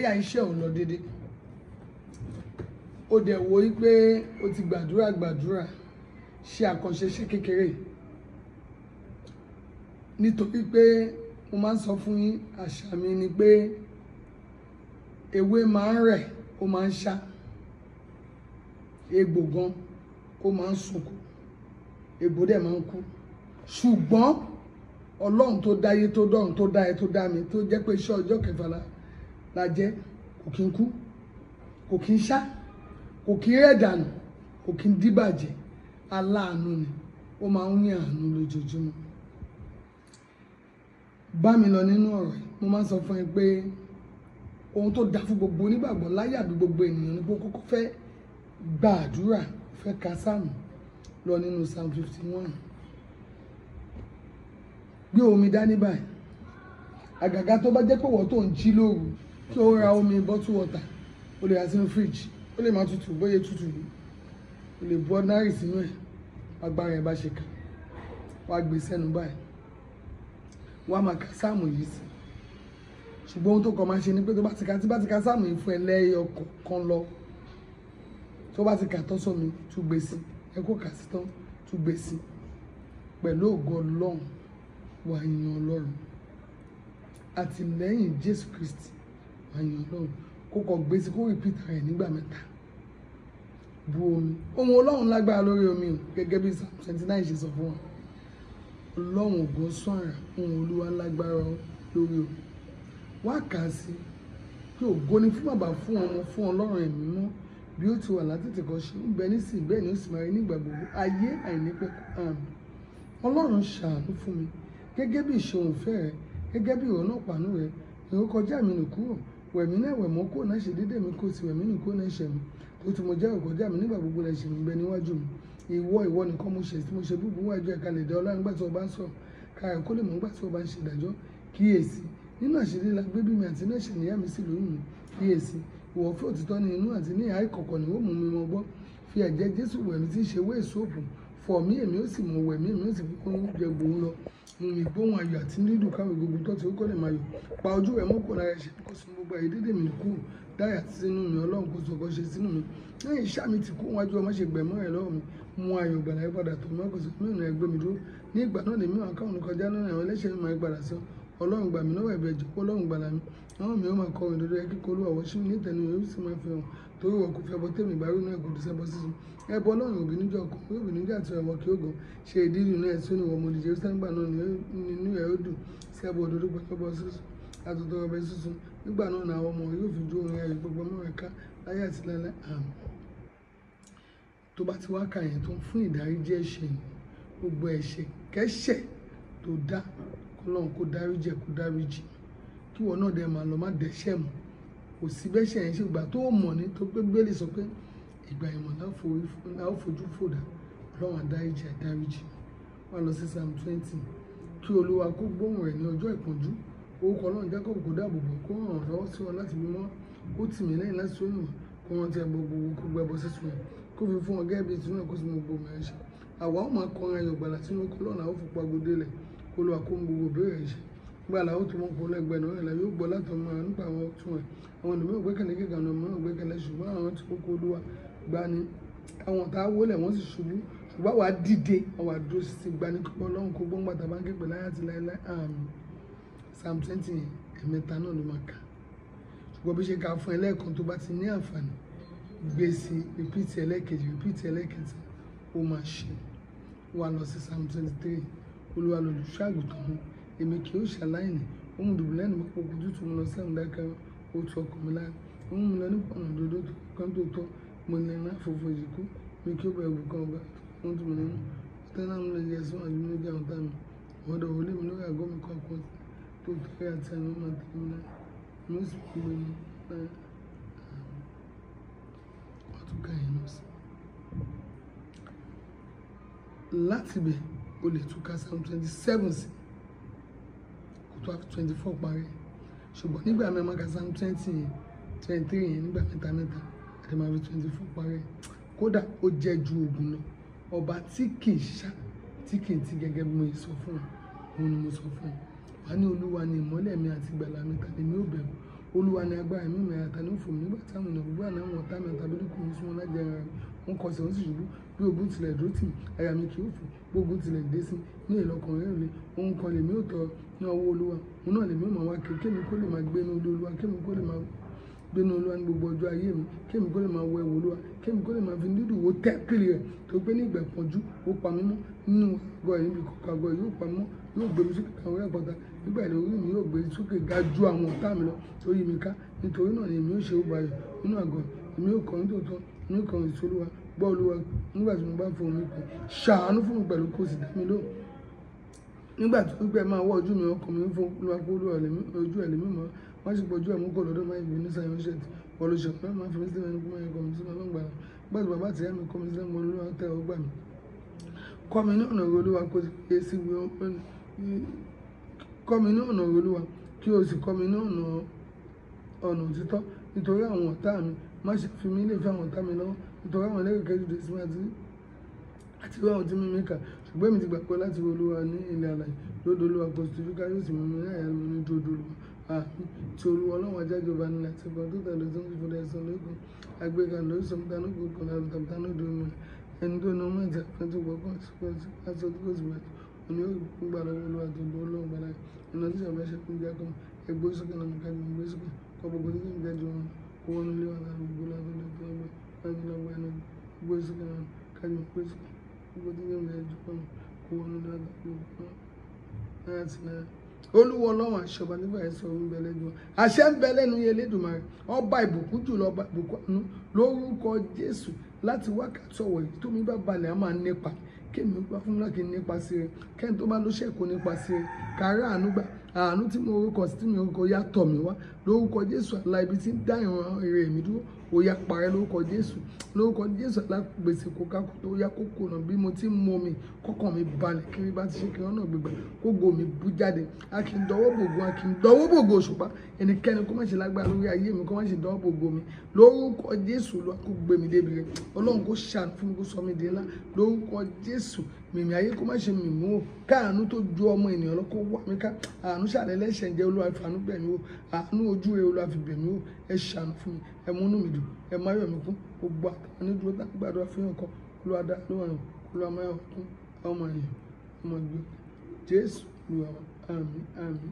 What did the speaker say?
bóyá iṣẹ́ ò lọ dédé ó dẹ̀ wo pé o ti gbàdúrà gbàdúrà ṣe àkànṣe ṣe kékeré nítorí pé mo máa ń sọ fún yín àṣà mi ni pé ewé máa ń rẹ̀ ó máa ń ṣá egbò gan ó máa ń sunkún egbò dẹ̀ máa ń kú ṣùgbọ́n ọlọ́run tó dáyé tó dọ́run tó dá ẹ tó dá mi tó jẹ́ pé iṣẹ́ ọjọ́ kẹfà la la jẹ́ kò kí n kú kò kí n ṣá kò kí n rẹ̀ dànù kò kí n díbàjẹ́ aláàánú ni ó máa ń ní àánú lójoojúmọ́ bá mi lọ nínú ọ̀rọ̀ mo máa ń sọ fún ẹ pé ohun tó dáa fún gbogbo onígbàgbọ́ láyé àbí gbogbo ènìyàn ni kókó fẹ́ gba àdúrà fẹ́ ka sáàmù lọ nínú psalm fifty one gbé omi dání báyìí àgàgà tó bá jẹ́ pé wọ́n tó ń jí lóru so ó ra omi bottle water ó lè ra fridge ó lè má tutù bóyá tutù ni ó lè bu ordinary sínú ẹ̀ agbára ẹ̀ bá ṣe kà wá gbé sẹ́nu báyìí wá máa ka sáàmù yìí sí ṣùgbọ́n ohun tó kàn máa ṣe ni pé tó bá ti ka tí bá ti ka sáàmù yìí fún ẹ lẹ́yọ kan lọ tó bá ti kà tán sómi tún gbé sí ẹ kó kà sí tán tún gbé sí pẹ̀lú ògo ọlọ́run wà yíyan ọlọ́run àtìlẹ́yìn jésù kristi àyàn ọlọ́run kó kọ gbé sí kó repeat rẹ̀ nígbà mẹ́ta bu omi ohun ọlọ́run lágbára lórí omi o gẹ́gẹ́ bí psalm twenty nine ṣe sọ fún wa ọlọ́run ògùn sún àrà ohun olúwa lágbára lórí omi wá kà á sí pé ògo ni fún bàbá fún ọmọ fún ọlọ́run ẹ̀mí mọ́ bí ó ti wà látètè kan ṣe ń bẹ nísìnyí bẹ́ẹ̀ ni ó sì máa rí nígbà gbogbo ayé àìnípẹ̀kọ́ àmì ọlọ́run ṣàánú fún mi gẹ́gẹ́ bí ìṣòwò fẹ́ rẹ gẹ́gẹ́ bí ìrọ̀nà pàánù rẹ ìrókọjá mi nù kúrò wẹ̀mí náà wẹ̀mọ́ kò náà ṣe dédé mi kò sí wẹ̀mí nì kò náà ṣe mi tó ti mo jẹ́ ọ̀gọ́jà mi nígbà gbogbo rẹ̀ ṣe mi bẹ níwájú mi ìwọ ìwọ nìkan mo ṣe tí mo ṣe búburú wájú ẹ̀ka lè dẹ ọlọ́run gbà tí wọ́n bá ń sọ káyà kó lè mọ̀ nígbà tí wọ́n bá ń ṣe ìdájọ́ kíyèsí nínú àṣírí la gbé bí mi àti ní ẹ̀ṣẹ̀ níyà mi sì lóyún mi kíyèsí ìwọ fún òtítọ́ ní inú àti ní ni ó mú mi mọ gbọ́ fi ẹ̀jẹ̀ Jésù wẹ̀mí tí ń fọ mí èmi ó sì mú wẹ̀ mí èmi ó sì kúkú jẹ gbòó lọ mo mi gbóhùn ayọ̀ àti nílù káwọn gbogbo tó ti kọ́ lè máa yọ̀ pa ojú ẹ̀ mọ́kò lára ẹ̀ṣẹ̀ kó sun gbogbo ayé dédé mi kú dáyà sínú mi ọlọ́run kó sọ̀kọ́ ṣe sínú mi lẹ́yìn iṣẹ́ mi ti kó wájú ọmọ ṣe gbẹ̀mọ́ ẹ̀ lọ́wọ́ mi mo ayọ̀ gbàlàyé padà tó mọ́kò sí mi ò ní ẹgbẹ́ mi dúró ní ìgbà náà lèmi àwọn akáwọn kọjá náà ẹ̀wọ̀n ẹlẹ́ṣẹ̀ mi máa gbàdà sí ọ ọlọ́run gbà mí lọ́wọ́ ẹ̀bẹ̀ ìjọpọ̀ ọlọ́run gbà lámì àwọn mi ó máa kọrin dodo ẹ kíkọ olúwa wọ́n ṣí mi nítẹ̀nu yóò sì máa fi hàn torí wọn kò fi ẹbọ tèmi bá rí náà kò dùn sẹ́bọ sísun ẹbọ ọlọ́run òbí níjọ kan yóò bì níjà tí kí ó gan ṣe ìdílù náà ẹ̀sùn ni wọ́n mo lè jẹ́ sẹ́ńgbà náà nínú ẹ̀ ó dùn sẹ́bọ òdodo pẹ̀lú sísun ni àwọn ọmọ yóò fi jó orin ayò gbogbo mọ́ra ká láyé àti lálẹ́ àmọ́ tó kọ́lọ́n kó dáríjẹ kó dáríjì kí wọn náà dẹ̀ máa lọ má dẹ́ṣẹ̀ mọ́ kò sí bẹ́ṣẹ̀ yẹn ṣe ìgbà tó mọ̀ ní tó pé gbélé sọ pé ìgbà ìmọ̀ láò fojú fòdà ọlọ́run àdáríjì àdáríjì wà lọ sí psalm twenty kí olúwa kó gbóhùn rẹ̀ ní ọjọ́ ìpọ́njú orúkọ ọlọ́run jákòó kó dáàbò bò kó ràn lọ́wọ́ sí wọn láti mímọ́ ó tì mí lẹ́yìn láti sóyún kó rántí gbogbo kó gbẹbọ sísun kó fi fún wọn gẹ́gẹ́ kó lọ́wọ́ kó ń gbogbo bẹ́ẹ̀ ṣe gba làwọn tó mọ kó lẹgbẹ náà ẹ la yóò gbọ́ láti ọmọ nípa àwọn ọtún ẹ àwọn ènìyàn ògbẹ́kẹ̀lé kíkà náà mọ ògbẹ́kẹ̀lé ṣùgbọ́n àwọn tí kókó olúwa gbani àwọn tá a wọlé wọn sì ṣubú ṣùgbọ́n wàá dìde àwọn àdúró sì ti gbani kókó Ọlọ́run kó gbọǹgbà tàbá ń képe láyé àti láyé láyé àmì psalm twenty ẹ̀mẹ́ta náà ló máa kà ṣùgbọ́n bí ṣe kà fún ẹlẹ́ẹ̀kan tó bá ti ní àǹfààní gbèsè repeat ẹlẹ́ẹ̀kejì repeat ẹlẹ́ẹ̀kẹta ó máa ṣe wà lọ sí psalm twenty three olúwa lolùṣọ́ àgùntàn mi èmi kì yóò ṣaláìní ó mú dùbúlẹ̀ ní mọ́pọ̀ ojú tó mú lọ sẹ́wọ̀n dákẹ́ ó tu ọkàn mi láàyè ó mú mi lọ nípa ọ̀nà òdodo kan tó tọ́ mo lè rán àfòfò ìdíkú mi kí ó bẹ̀rù kan ọba tó ń tún mi nínú ọ̀tá náà mo lè yẹ sún àjùmọ̀ ní ìjà ọ̀tá mi ọ̀dọ̀ òwúlé mi lórí àgọ́ mi kọ́ ọkọ̀ tó tọ́ àti àwọn ọmọ àti mi náà láti bẹ̀rẹ̀ o lè túká sáwọn twenty seven sí kó tó àfi twenty four parí ṣùgbọ́n nígbà mẹ́rin máa ka sáwọn twenty yẹn twenty three yẹn nígbà mẹ́ta mẹ́ta àti máa fi twenty four parí kódà ó jẹ́ ju oògùn lọ ọba tí kì í ṣá tí kì í ti gẹ́gẹ́ bí mo sọ fún ọ òun ni mo sọ fún ọ wà ní olúwa ni ìmọ́lẹ̀ mi àti ìgbàlà mi tàbí mi ò bẹ̀rù olúwa ni agbára mi ìmọ̀ àtà ní fòmù nígbà táwọn ènìyàn gbogbo àná àwọn ọ̀tá mi àtàbí lókun ní sunwọ̀n lájà ara wọn kọ sí wọn sì ṣubú bí ogun tilẹ̀ dúró tì àyà mi kì í fò bí ogun tilẹ̀ dé sí ní ìlọkàn rẹ̀ rẹ̀ ohun kan lèmi ò tọ́ ní ọwọ́ olúwa òun náà lèmi ò máa wá kí kémi kó lè máa gbé ní olúwa kémi kó lè máa gbénu olúwa ní gbogbo ọjọ́ ayé mi kémi kó lè máa wọ ẹ̀wò olúwa kémi kó lè máa fi dídùn wo tẹ́pìlì rẹ̀ tó gbé ní ìgbà pọ̀jú ó pa mímọ́ nínú àgọ́ ẹ̀yìn bí kòkò àgọ́ yóò pa mímọ́ yóò gbé mi sí kàkàwé àpáta nígbà ìlú orí mi yóò gbé sókè ga ju àwọn ọ̀tá mi lọ torí mi ká nítorí náà ni èmi yóò ṣe ó bayọ̀ nínú àgọ́ èmi yóò kọrin tòótọ́ èmi yóò kọrin ìṣolúwa gbọ́ olúwa nígbà tí mo bá fohùn mi pè ṣàánú fún mi pẹ̀lú kó sì dá mi lóhùn nígbà tó pípẹ́ máa wọ ojú mi ọkàn mi fún olúwa kó olúwa ojú ẹ̀ lèmi mọ́ wọ́n sì gbọ́jú ẹ̀ mú kó lọ́dọ̀ máa ń gbé ní sáyẹn ṣẹ̀ kọ́ mi ní ọ̀nà olúwa kí o sì kọ́ mi ní ọ̀nà ọ̀nà òtítọ́ nítorí àwọn ọ̀tá mi má ṣe fi mí lè fẹ́ àwọn ọ̀tá mi lọ́wọ́ nítorí àwọn ẹlẹ́rìí kẹ́jú dé sí àti àti wọ́n àwọn tí mi mí kà ṣùgbọ́n èmi ti gbàgbọ́ láti wo olúwa ní ilẹ̀ alàyè lódò olúwa pọ̀sítì fúkà yóò sì mú mi láyà mi ní dòdò olúwa àmì tí olúwa ọlọ́run ajá ìjọba ní láti gbọ́n tó tẹ̀lé tó ń fi fúnra ẹ̀sán lókun agbéga lórí sọmdánù gbogbo làbùtàbùtánù dòmìnira ẹni tó ní ọmọ ìjà pẹ́ tó sí pẹ́ sí pẹ́ sọ́dún kò sì òní yóò kún gbà lọ́wọ́ olúwa tó ń bọ́ ọlọ́run gbàdá ọ̀nà tí ìṣàbẹ̀ ṣe kún jẹ́ kan ẹgbẹ́ sókè náà nìkan ní ẹgbẹ́ sókè kọ́ gbogbo nínú ìgbẹ́ jọ wọn kó wọn lé wọn lára gbogbo lábẹ́ lọ́jọ́ ọgbẹ́ láti lọ́gbà náà gbogbo sókè náà kájú gbogbo sókè gbogbo tí ìyẹn ìgbẹ́ jọ wọn kó wọn lé wọn lára gbogbo náà láti náà olúwa ọlọ́run àṣọba nígbà ẹ̀sọ́ ń bẹ lẹ́nu àṣẹ ń bẹ lẹ́nu Elédùmarè ọba ìbùkún jùlọ ọba ìbùkún lórúkọ Jésù láti wákàtí ọ̀wọ̀ yìí tómi bá balẹ̀ á máa nípa kémi ó pa fún lákì nípa sí rẹ kẹ́ni tó bá ló ṣẹ̀kọ́ nípa sí àánú tí mo orúkọ sí tí mi orúkọ yá tọ̀ mí wá lórúkọ jésù àlá ibi tí ń dá ìran èrè mi dúró ó yá parẹ́ lórúkọ jésù lórúkọ jésù àlá gbèsè kókákó tó yá kókó náà bí mo ti ń mu omi kọ́kàn mi balẹ̀ kiri bá ti ṣe kiri ọ̀nà gbígbà kógo mi bú jáde a kì í dọwọ́ bògo a kì í dọwọ́ bògo òṣùpá ẹnikẹ́ni kó má ṣe lágbára lórí ayé mi kó má ṣe dọwọ́ bògo mi lórúkọ jésù lọ́kọ̀ gbèmídébìrẹ́ ọlọ́run kó ṣàánú fún mi kó sọ mi dé ńlá lórúkọ jésù mìmì ayé kó má ṣe mìmú o káàánú tó ju ọmọ ènìyàn lọ kó wà mí ká àánú ṣàlẹ́lẹ́ṣẹ̀ ń jẹ́ olúwa fàánú o àánú ojú rẹ̀ olúwa fi bẹ̀ o ẹ ṣàánú fún mi ẹ múnú mi dùn ẹ má yọ̀ mí kún gbogbo àtàwọn onídùúró tá gbàdúrà fún yàn kan olúwa dá ló ràn olúwa má yọ̀ kún ọmọ ènìyàn ọmọ ìgbé jésù lu àmì àmì.